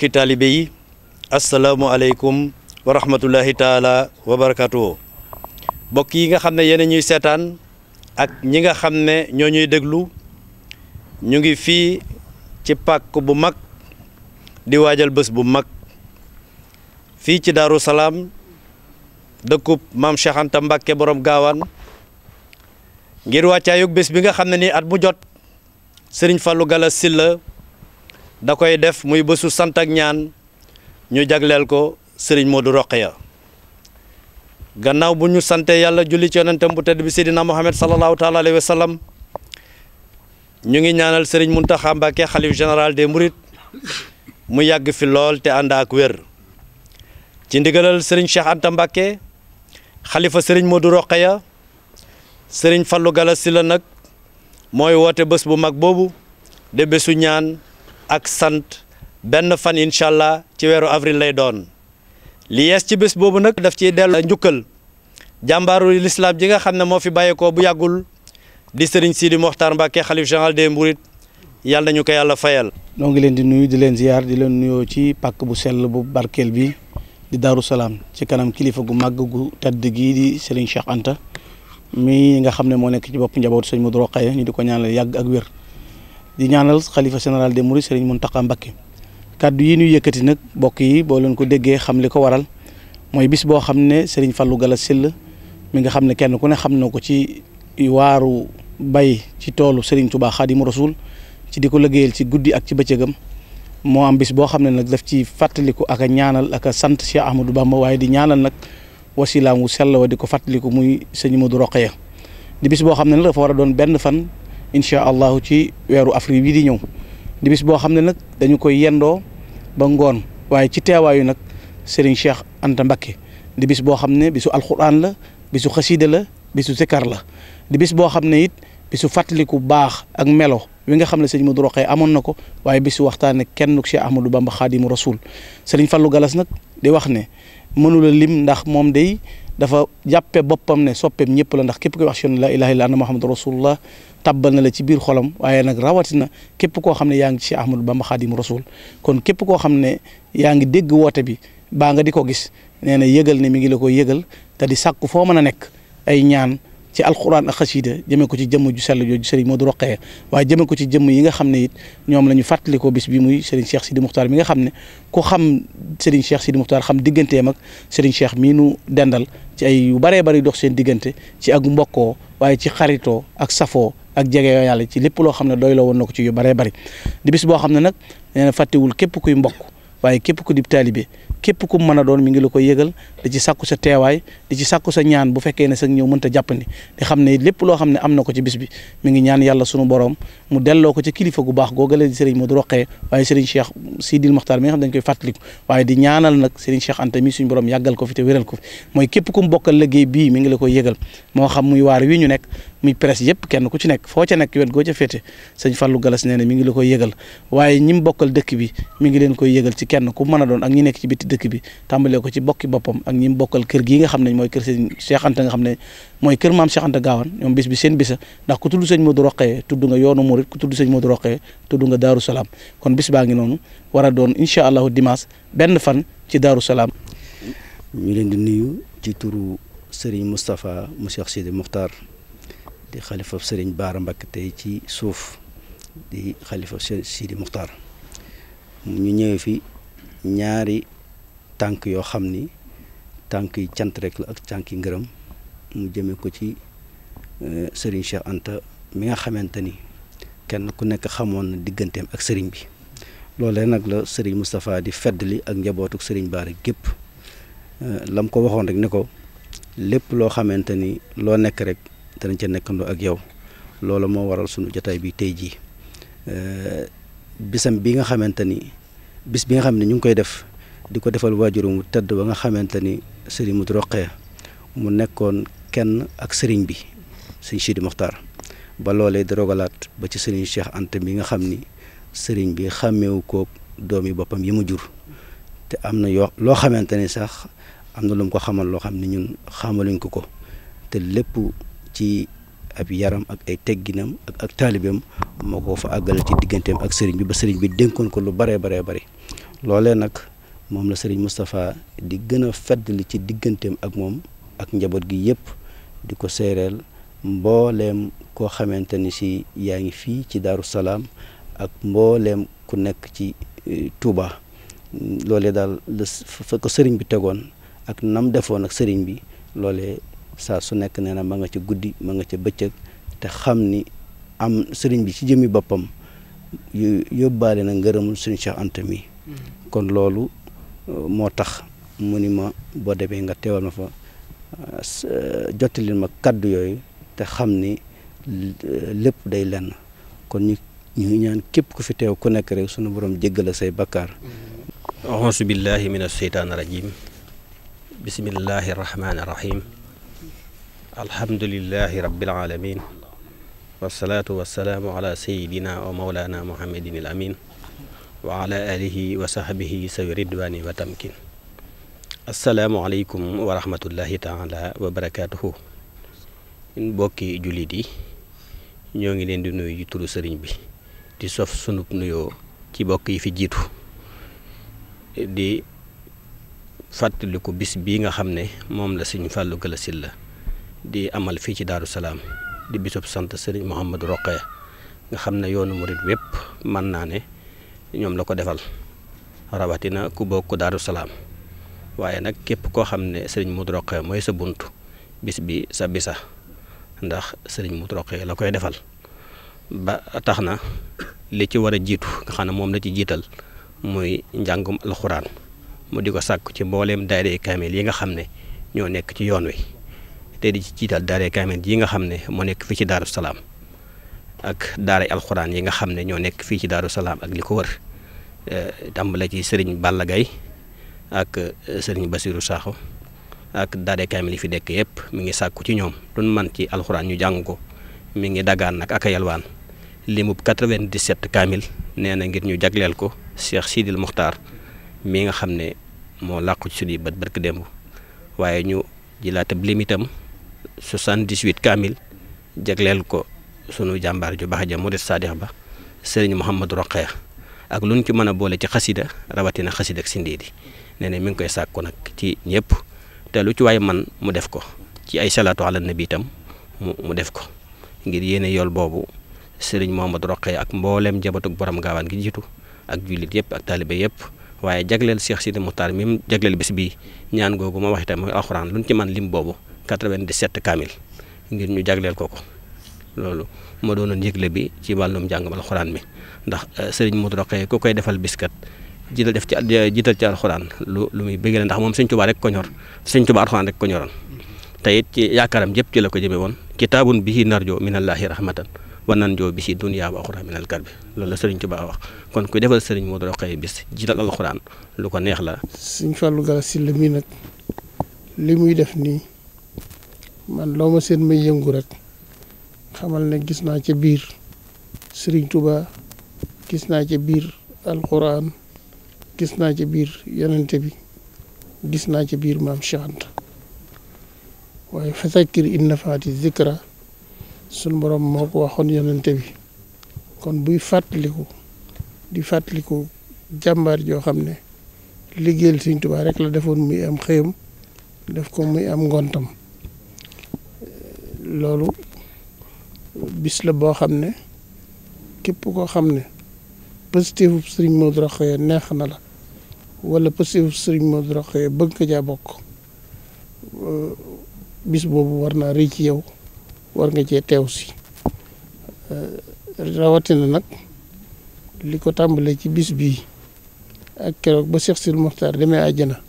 mbokki talibé yi alaykum wa rahmatullahi taala wa barakatuh mbokk yi nga xamné yene ñuy sétane ak ñi nga xamné ñoo ñuy déglu ñu ngi fi ci pak bu mag di wajal bëss bu mag fi ci daru salam dekkup mam Cheikh Anta Mbacke borom gawan ngir yu bëss bi nga xamné ni at bu jot Serigne Fallou gala sille da koy def muy bésu sant ak ñaan ñu jaglél ko serigne Modou roqiya gannaaw bu ñu santé yalla julli ci yonentam bu tedd bi sidina mohammed sallallahu taala alayhi Wasallam. ñu ngi ñaanal serigne Mountakha mbake xalif general des Mourides mu yagg fi lol te anda ak wër ci ndigalal serigne Cheikh Anta mbake khalifa serigne Modou roqiya serigne fallu Galass Sylla nag mooy woote bu mag bobu de besu ñaan ak sant benn fan allah ci weeru avril lay doon li yees ci bés boobu nag daf ciy dellu njukkal jàmbaaru lislaam ji nga xam ne moo fi bàyyeekoo bu yàggul di sëriñ Sidi Mokhtar Mbacke Khalif General des Mourides yàlla nañu ko yàlla fayal. noo ngi leen di nuyu di leen ziar di leen nuyoo ci bu sell bu bi di Daaru Salaam ci kanam kilifa gu gu tedd di sëriñ Cheikh Anta mi nga xam ne moo nekk ci bopp njabootu sëñ Modou Rokhaya ñu di ko ñaanal ak di ñaanal xalifa général des mourides Serigne Mountakha Mbacké kàddu yi nuy yëkkati nag mbokk yi boo leen ko déggee xam li ko waral mooy bis boo xam ne Serigne Fallou Galass Syll mi nga xam ne kenn ku ne xam na ko ci waaru bay ci toolu Serigne Touba Khadimou Rasoul ci di ko liggéeyal ci guddi ak ci bëccëgam moo am bis boo xam ne nag daf ci fàttaliku ak a ñaanal ak a sant Cheikh Ahmadou Bamba waaye di ñaanal nag wasilaam wu sell wa di ko fàttaliku muy sëñ Modou Rokhaya di bis boo xam ne nag dafa a doon benn fan incha allahu ci weeru avril bi di ñëw di bis boo xam ne nag dañu koy yendoo ba ngoon waaye ci teewaayu nag Serigne Cheikh Anta Mbakke di bis boo xam ne bisu alxuraan la bisu xasiida la bisu zikar la di bis boo xam ne it bisu fàttaliku baax ak melo wi nga xam ne sëñ Modou Rokhaya amoon na ko waaye bisu waxtaane kenn si Ahmadou Bamba Xaadimu Rasul Serigne Fallou Galas nag di wax ne mënula lim ndax moom day dafa jàppe boppam ne soppeem ñëpp la ndax képp koy wax ashhadu la laa ilaaha illa anta muhammadu rasulullah tabbal na la ci biir xolam waaye nag rawatina képp koo xam ne yaa ngi ci ahmadou bamba xaadimu rasul kon képp koo xam ne yaa ngi dégg woote bi baa nga di ko gis nee na yëgal ne mi ngi la ko yëgal te di sàkku foo mën a nekk ay ñaan ci alquran ak xasiida jëmee ko ci jëm ju sell jooju moo Modou Rokhaya waaye jëmee ko ci jëmm yi nga xam ne it ñoom lañu ñu fàttalikoo bis bi muy sëriñ Cheikh Sidi Muxtaar mi nga xam ne ku xam sëriñ Cheikh Sidi Muxtaar xam diggantee mag sëriñ Cheikh mii nu dendal ci ay yu baree bari dox seen diggante ci ak mbokkoo waaye ci xaritoo ak safoo ak jege yoo yàlla ci lépp loo xam ne doy la woon na ko ci yu baree bari di bis boo xam ne nag nee na fàttewul képp kuy mbokk waaye képp ku dib taalibe képp ku mën a doon mi ngi la koy yëgal di ci sàkku sa teewaay di ci sàkku sa ñaan bu fekkee ne sax ñëw mënta jàppandi di xam ne lépp loo xam ne am na ko ci bis bi mi ngi ñaan yàlla sunu borom mu delloo ko ci kilifa gu baax googale di Serigne Modou Rokhaya waaye Serigne Cheikh Sidil Mokhtar mi nga xam dañ koy fàttaliku waaye di ñaanal nag Serigne Cheikh Anta mi suñu borom yàggal ko fi te wéral ko fi mooy képp ku mu bokkal liggéey bii mi ngi la koy yëgal moo xam muy wi ñu nekk muy presse yëpp kenn ku ci nekk foo ca nekk wet goo ca féete sëñ Fallou Galas nee na mi ngi la ko yëgal waaye ñi mu bokkal dëkk bi mi ngi leen koy yëgal ci kenn ku mën a doon ak ñi nekk ci bitti dëkk bi tàmbalee ko ci bokki boppam ak ñi mu bokkal kër gii nga xam ne mooy kër sëñ nga xam ne mooy kër maam Cheikh Anta Gaawaan ñoom bis bi seen bisa ndax ku tudd sëñ Modou Roqee tudd nga yoonu Murit ku tudd sëñ Modou Roqee tudd nga Daaru Salaam kon bis baa ngi noonu war a doon incha allahu dimanche benn fan ci Daaru Salaam ñu leen di nuyu ci turu Serigne Moustapha mu Cheikh Sidi di xalifa sëriñ Baara mbakk tey ci suuf di xalifa Sidi Muxtaar ñu ñëwee fi ñaari tànk yoo xam ni tànk yi cant rek la ak tànk yi ngërëm mu jëmee ko ci euh, sëriñ Cheikh Anta mi nga xamante ni kenn ku nekk xamoon na digganteem ak sëriñ bi loolee nag la sëriñ Moustapha di feddali ak njabootuk sëriñ Baara gépp euh, lam ko waxoon rek ne ko lépp loo xamante ni loo nekk rek. danañ ca nekkandoo ak yow loolu moo waral sunu jotaay bi tey jii bisam bi nga xamante ni bis bi nga xam ne ñu ngi koy def di ko defal waajur mu tedd ba nga xamante ni sëriñ mu Roqaya mu nekkoon kenn ak sëriñ bi sëñ Sidi Moxtaar ba loolee di ba ci sëriñ Cheikh Anta bi nga xam ni sëriñ bi xàmmeewu koog doomi boppam yi mu jur te am na yoo loo xamante ni sax am na lu mu ko xamal loo xam ne ñun xamaluñ ko ko te lépp. ci ab yaram ak ay tegginam ak ak taalibeem moo ko fa àggale ci digganteem ak sëriñ bi ba sëriñ bi dénkoon ko lu baree baree bëri loolee nag moom la sëriñ Moustapha di gën a feddali ci digganteem ak moom ak njaboot gi yëpp di ko séeréel mbooleem koo xamante ni si yaa ngi fii ci Daaru Salaam ak mbooleem ku nekk ci e, tuuba loole daal la fa ko sëriñ bi tegoon ak nam defoon ak sëriñ bi loolee sa su nek neena ma nga ci guddi ma nga ci beccëk te xamni am serigne bi ci jëmi bopam yobale na ngeerumul serigne Cheikh Anta mi mm-hmm. kon lolu uh, motax munima bo debé nga téwal ma fa uh, uh, jottali kaddu yoy te xamni lepp day lenn kon ñu ñu ñaan kep ku fi teew ku nek rek suñu borom jéggal say bakkar mm-hmm. auzu billahi min shaitanir rajim bismillahir rahmanir rahim الحمد لله رب العالمين والصلاة والسلام على سيدنا ومولانا محمد الأمين وعلى آله وصحبه سير الدوان وتمكين السلام عليكم ورحمة الله تعالى وبركاته إن بوكي جليدي نيوغي لين دي نوي بي دي سوف سنوب نيو كي بوكي في جيتو دي فاتلكو بيس بيغا خامني موم لا سيغ di amal fii ci Daaru Salaam di bisub sant Serigne Mouhamadou Rokhaya nga xam ne yoonu murit wépp man naa ne ñoom la ko defal rawatina ku bokk Daaru Salaam waaye nag képp koo xam ne Serigne Modou Rokhaya mooy sa bunt bis bi sa bisa ndax Serigne Modou Rokhaya la koy defal ba tax na li ci war a jiitu nga xam ne moom la ci jiital muy njàngum alxuraan mu di ko sàkk ci mbooleem daayira kaamil yi nga xam ne ñoo nekk ci yoon wi te di ci jital daaree kamel yi nga xam mo nek fi ci daaru ak daara alquran yi nga xam ño nek fi ci daaru salaam ak wër euh wër la ci serigne Balla ak eh, serigne basirou saxo ak daare kamel fi dekk yëpp mi ngi sakku ci ñom duñ man ci ñu jang ko mi ngi dagaan nak ak limu 97 Kamel, nee ngir ñu jagleel ko Cheikh Sidil mukhtar mi nga xam mo laq ci bët barke dembu waye ñu limitam 78 kaamil jagleel ko sunu jàmbaar ju baax ja murid saadix ba sëriñ Mouhamadou Roqeya ak lu ñu ci mën a boole ci xasida rawatina xasida ak sindiidi nee na mi ngi koy sàkku nag ci ñëpp te lu ci waaye man mu def ko ci ay salaatu na nabi itam mu mu def ko ngir yéene yool boobu sëriñ Mouhamadou Roqeya ak mbooleem jabatug borom gaawaan gi jiitu ak jullit yëpp ak taalibe yëpp waaye jagleel Cheikh Sidi Mouhtar mi mu jagleel bés bi ñaan googu ma wax itam mooy alxuraan lu ñu ci man lim boobu. 97 kaamil ngir ñu jagleel ko ko loolu moo doonoon yëgle bi ci wàllum njàngam alxuraan mi ndax euh, sëriñ Modou Rokhaya ku koy defal biskat jiital def ci euh, alxuraan lu lu muy bëggee ndax moom sëñ Tuubaa rek ko la ko jëmee woon bi si dunyaa la ko neex la. Sëñ Fallou Galass Syll mii nag li muy def nii. man loo ma seen may yëngu rek xamal ne gis naa ca biir Serigne Touba gis naa ca biir alquran gis naa ca biir yonente bi gis naa ca biir maam Cheikh waaye fasakkir in nafaati zikra sunu borom moo ko waxoon yonente bi kon buy fàttaliku di fàttaliku jàmbar joo xam ne liggéeyal Serigne Touba rek la defoon muy am xëyam def ko muy am ngontam loolu bis la boo xam ne képp koo xam ne positif sëriñ Modou Rokhaya neex na la wala positif sëriñ Modou Rokhaya bëgg nga caa bokk euh, bis boobu war naa rëy ci yow war nga cee teew si euh, rawatina nag li ko tàmbalee ci bis bii ak keroog ba Cheikh Sil Mokhtar demee àjjana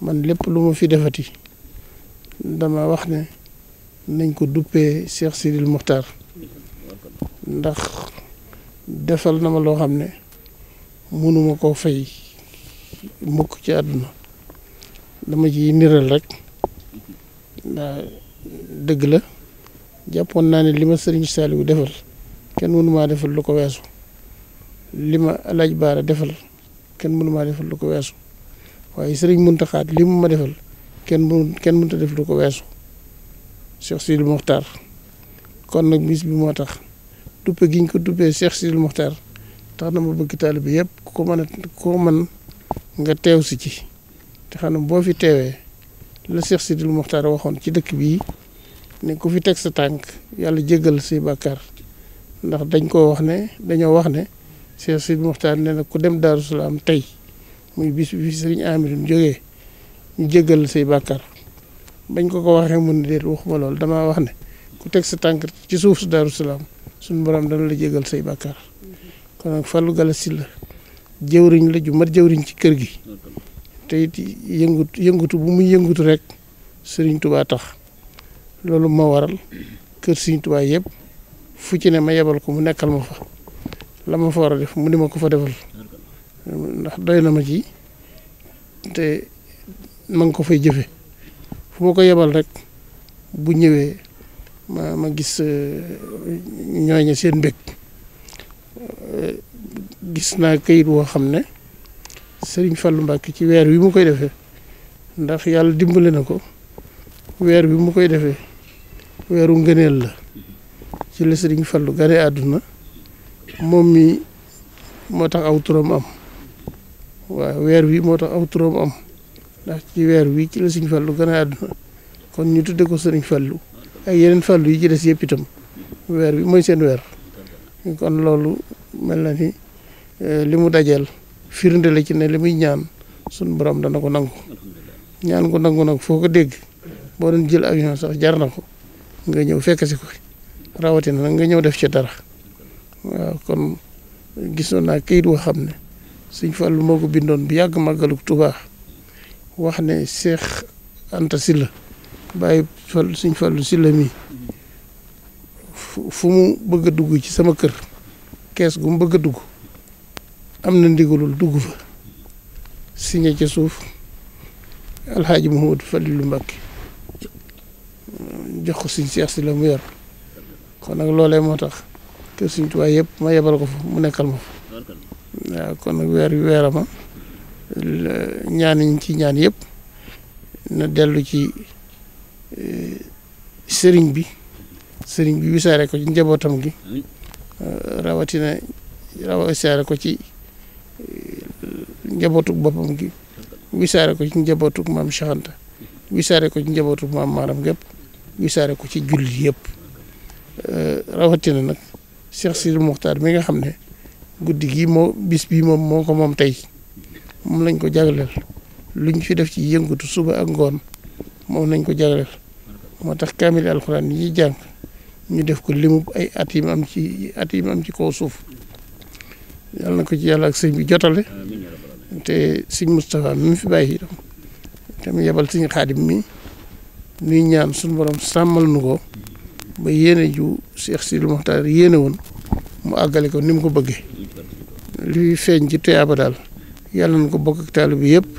man lépp lu ma fi defati dama wax ne nañ ko duppee Cheikh Sidil Muxtaar ndax defal na ma loo xam ne mënuma koo fay mukk ci àdduna dama ci niral rek dëgg la jàppoon naa ne li ma sëriñ Saliou defal kenn mënumaa defal lu ko weesu li ma alaaj baara defal kenn mënumaa defal lu ko weesu waaye sëriñ Muntaxaat li mu ma defal kenn mënu kenn mënta def lu ko weesu Cheikh Sidil Mokhtar kon nag bis bi moo tax duppe gi ñu ko duppee Cheikh Sidil Mokhtar tax na ma bëgg taalibe yëpp ku ko mën a koo mën nga teew si ci te xam boo fi teewee la Cheikh Sidil Mokhtar waxoon ci dëkk bii ne ku fi teg sa tànk yàlla jéggal say bàkkaar ndax dañ koo wax ne dañoo wax ne Cheikh Sidil Mokhtar nee na ku dem Daaru Salaam tey muy bis bi fi Sëriñ Amiru jóge ñu jéggal say bàkkaar bañ ko ko waxee mun déet waxuma loolu damaa wax ne ku teg sa tànk ci suuf su Daaru Salaam suñu borom dana la jégal say bàkkaar kon nag Fallou Galass Syll la jëwriñ la ju mat jëwriñ ci kër gi te it yëngutu yëngutu bu muy yëngutu rek Serigne Touba tax loolu moo waral kër Serigne Touba yëpp fu ci ne ma yebal ko mu nekkal ma fa la ma fa war a def mu ni ma ko fa defal ndax doy na ma ci te ma ko fay jëfe fu ko yebal rek bu ñëwee ma ma gis euh, ñooñu seen mbég euh, gis naa kayit woo xam ne Serigne Fallou Mbacké ci weer wi mu koy defe ndax yàlla dimbale na ko weer wi mu koy defee weeru ngëneel la ci la Serigne Fallou gane àdduna moom mi moo tax aw turam am waaw weer wi moo tax aw turam am ndax ci weer wii ci la sëñ Fallu gën a àdduna kon ñu tudde ko sëriñ Fallu ak yeneen Fallu yi ci des yëpp itam weer bi mooy seen weer kon loolu mel na ni eh, li mu dajeel firnde la ci ne li muy ñaan suñ borom dana ko nangu ñaan ko nangu nag foo ko dégg boo doon jël avion sax jar na ko nga ñëw fekk si ko rawatina nag nga ñëw def ci dara waaw kon gisoon naa kayit woo xam ne sëñ Fallu moo ko bindoon bu yàgg màggalu tubaa wax ne Cheikh Anta Sylla bàyyi fal suñ fàllu Sylla mi fu mu bëgg a dugg ci sama kër kees gu mu bëgg a dugg am na ndigalul dugg fa signé ca suuf alxaaji Mouhamadou Fadilou Mbacké jox ko suñ Cheikh Sylla mu yor kon nag loolee moo tax kër suñ tuwaay yëpp ma yebal ko fa mu nekkal ma waaw kon nag weer wi weerama ñaan yi ci ñaan yëpp na dellu ci eh, sëriñ bi sëriñ bi wisaare ko ci njabootam gi eh, rawatina rawa ko ci eh, njabootuk boppam gi wisaare ko ci njabootuk maam Cheikh Anta wisaare ko ci njabootuk maam maaram gépp wisaare ko ci jullit yëpp rawatina nag Cheikh Sidi Muxtaar mi nga xam ne guddi gi moo bis bi moom moo ko moom tey moom lañ ko jagleel lu fi def ci yëngatu suba ak ngoon moom lañ ko jagleel moo tax kaamil alxuraan yi jàng ñu def ko limu ay at yi mu am ci at ci kaw suuf yàlla na ko ci yàlla ak sëñ bi jotale te sëñ Moustapha mi mu fi bàyyi itam te mu Xaadim mi nuy ñaan suñu borom sàmmal nu ko ba yéene ju Cheikh Sidil Mokhtar yéene woon mu àggale ko ni mu ko bëggee li feeñ ci tuyaaba daal yàlla na ko bokk ak taalibe yëpp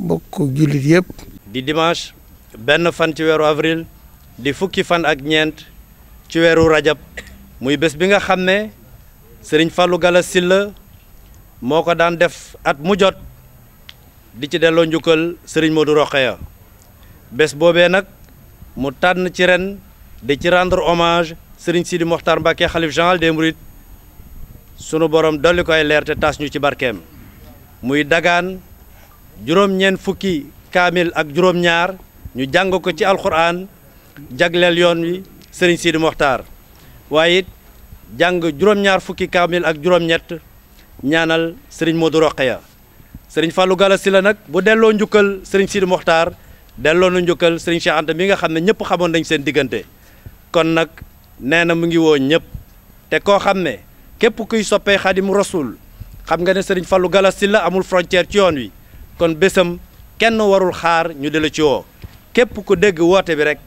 bokk ko jullit yëpp. di dimanche benn fan ci weeru avril di fukki fan ak ñeent ci weeru rajab muy bés bi nga xam ne sëriñ falu Gala Sylla moo ko daan def at mu jot di ci delloo njukkal Serigne Modou Rokhaya bés boobee nag mu tànn ci ren di ci rendre hommage Serigne Sidi Mokhtar Mbacké xalif général des mourides sunu borom dolli koy leer te taas ñu ci barkeem. muy dagan jurom ñen fukki kamil ak jurom ñaar ñu jang ko ci alquran jaglel yoon wi serigne Sidi Moxtaar waye jang jurom ñaar fukki kamil ak jurom ñet ñaanal serigne Modou Rokhaya serigne Fallou Gala sila nak bu delo njukkal serigne Sidi Moxtaar delo na njukkal serigne Cheikh Anta mi nga xamne ñepp xamone dañ seen digënté kon nak neena mu ngi wo ñepp te ko xamne kuy soppé khadim rasoul xam nga ne sëriñ Fallou Galass Sylla amul frontière ci yoon wi kon bésam kenn warul xaar ñu di la ci woo képp ku dégg woote bi rek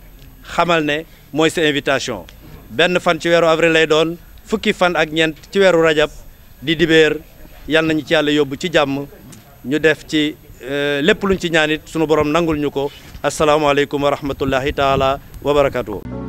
xamal ne mooy sa invitation benn fan ci weeru avril lay doon fukki fan ak ñeent ci weeru rajab di dibéer yal nañu ci yàlla yóbbu ci jàmm ñu def ci euh, lépp luñ ci ñaan it sunu borom nangul ñu ko asalaamaaleykum wa rahmatullahi taala wa barakatuhu